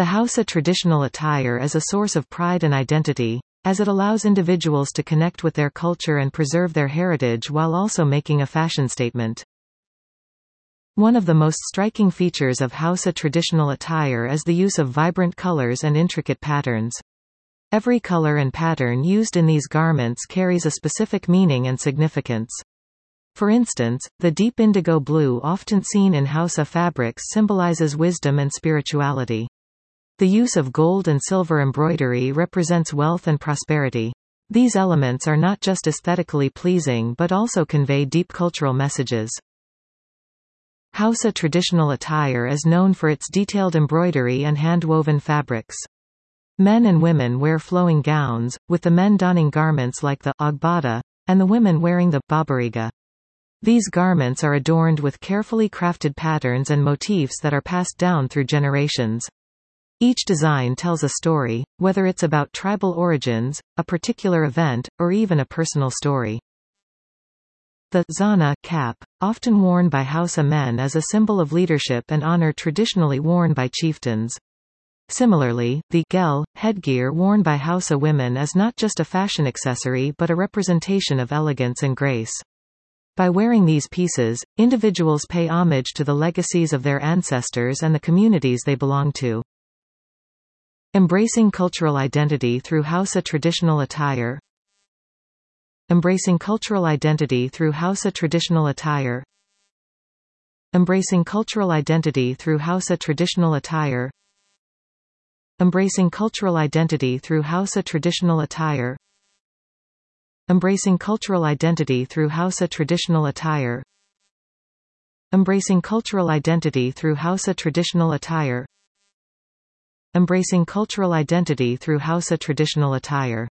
The Hausa traditional attire is a source of pride and identity, as it allows individuals to connect with their culture and preserve their heritage while also making a fashion statement. One of the most striking features of Hausa traditional attire is the use of vibrant colors and intricate patterns. Every color and pattern used in these garments carries a specific meaning and significance. For instance, the deep indigo blue often seen in Hausa fabrics symbolizes wisdom and spirituality. The use of gold and silver embroidery represents wealth and prosperity. These elements are not just aesthetically pleasing but also convey deep cultural messages. Hausa traditional attire is known for its detailed embroidery and hand-woven fabrics. Men and women wear flowing gowns, with the men donning garments like the agbada, and the women wearing the babariga. These garments are adorned with carefully crafted patterns and motifs that are passed down through generations. Each design tells a story, whether it's about tribal origins, a particular event, or even a personal story. The zana cap, often worn by Hausa men as a symbol of leadership and honor traditionally worn by chieftains. Similarly, the gel, headgear worn by Hausa women is not just a fashion accessory but a representation of elegance and grace. By wearing these pieces, individuals pay homage to the legacies of their ancestors and the communities they belong to. Embracing cultural identity through Hausa traditional attire Embracing cultural identity through Hausa traditional attire Embracing cultural identity through Hausa traditional attire Embracing cultural identity through Hausa traditional attire Embracing cultural identity through Hausa traditional attire Embracing cultural identity through Hausa traditional attire embracing cultural identity through Hausa traditional attire.